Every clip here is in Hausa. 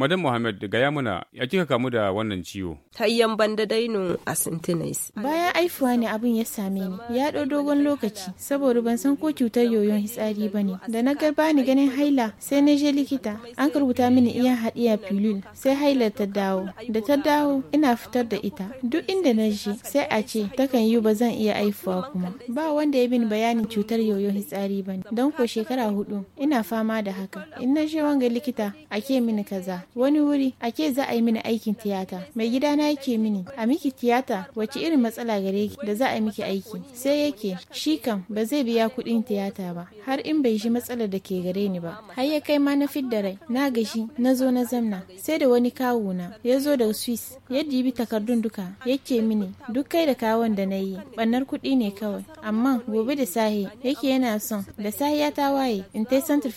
Madam Mohammed gaya muna ya kika kamu da wannan ciwo. Tayyan banda daino a sintinais. Bayan aifuwa ne abin ya same ni. Ya ɗau dogon lokaci saboda ban san ko cutar yoyon hitsari ba ne. Da na ga bani ganin haila sai na je likita. An rubuta mini iya haɗiya filul sai haila ta dawo. Da ta dawo ina fitar da ita. Duk inda na je sai a ce takan yi ba zan iya aifuwa kuma. Ba wanda ya bin bayanin cutar yoyon hitsari ba ne. Don ko shekara hudu ina fama da haka. In na je wanga likita ake mini kaza. wani wuri ake ke za a yi mini aikin tiyata mai gidana yake mini a miki tiyata wace irin matsala gare ki da za a miki aiki sai yake shi kam ba zai biya kuɗin tiyata ba har in bai shi matsala da ke gare ni ba har ya kai ma na fidda rai na gashi na zo na zamna sai da wani na ya zo daga swiss ya bi takardun duka yake mini duk kai da kawon da na yi bannar kuɗi ne kawai amma gobe da sahi yake yana son da sahi ya ta waye in tai central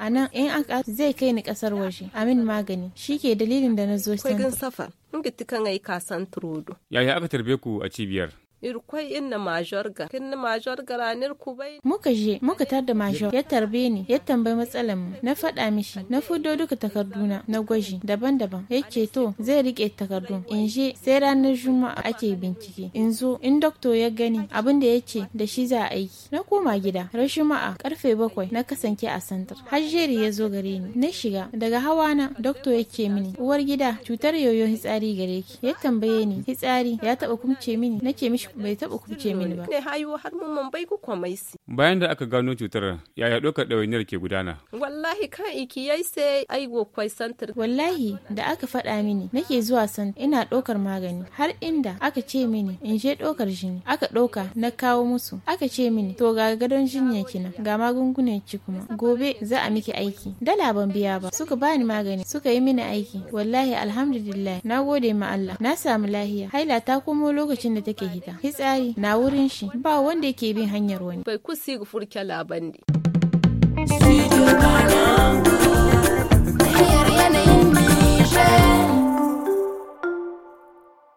a nan in aka zai kai ni ƙasar waje amin magani shi ke dalilin da na zo san. Kwaigin safa, in kan aika san turodo. Yaya aka tarbe ku a cibiyar? irkwai inna majorga kinna majorga ranar kubai muka je muka tar da major ya tarbe ni ya tambayi matsalar mu na faɗa mishi na fudo duka takarduna na gwaji daban-daban yake to zai rike takardu in je sai ranar juma'a ake bincike in zo in dokto ya gani abin da yake da shi za a aiki na koma gida ma'a, karfe bakwai na kasance a santar hajjeri ya zo gare ni na shiga daga hawa na dokto yake mini uwar gida cutar yoyo hitsari gare ki ya tambaye ni hitsari ya taba kumce mini nake mishi bai taɓa kubuce mini ba. Ne hayo har mun man bai ku si. Bayan da aka gano cutar yaya ɗaukar ɗawainiyar ke gudana? Wallahi kan iki yai sai ai kwai santar. Wallahi da aka faɗa mini nake zuwa san ina ɗaukar magani har inda aka ce mini in je ɗaukar jini aka ɗauka na kawo musu aka ce mini to ga gadon ya kina ga magungunan ki kuma gobe za a miki aiki dala ban biya ba suka bani magani suka yi mini aiki wallahi alhamdulillah na gode ma Allah na samu lahiya haila ta komo lokacin da take hita hitsari na wurin shi ba wanda ke bin hanyar wani bai kusi gufurke labandi